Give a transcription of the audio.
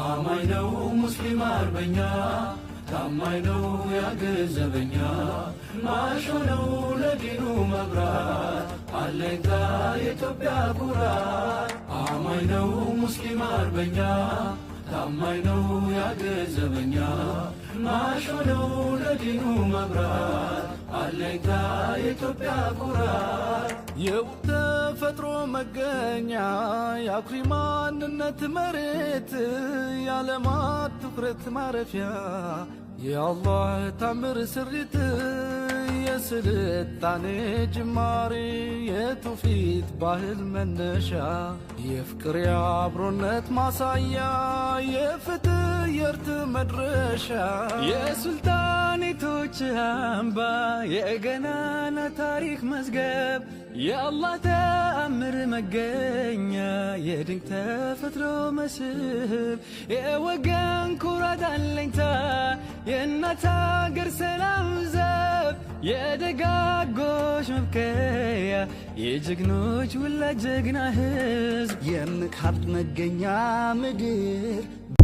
አማኝ ነው ሙስሊም አርበኛ ታማኝ ነው ያገዘበኛ ማሾ ነው ለዲኑ መብራት አለኝታ የኢትዮጵያ ኩራት አማኝ ነው ሙስሊም አርበኛ ታማኝ ነው ያገዘበኛ ማሾ ነው ለዲኑ መብራት አለኝታ የኢትዮጵያ ኩራት የው ተፈጥሮ መገኛ የአኩሪ ማንነት መሬት የዓለማት ትኩረት ማረፊያ የአላህ ታምር ስሪት የስልጣኔ ጅማሪ የትውፊት ባህል መነሻ የፍቅር የአብሮነት ማሳያ የፍትህ የእርት መድረሻ የሱልጣኔቶች አምባ የገናና ታሪክ መዝገብ የአላህ ተአምር መገኛ የድንቅ ተፈጥሮ መስህብ የወገን ኩራት አለኝታ የእናት አገር ሰላም ዘብ የደጋጎች መብከያ የጀግኖች ውላ ጀግና ህዝብ የምቅ ሀብት መገኛ ምድር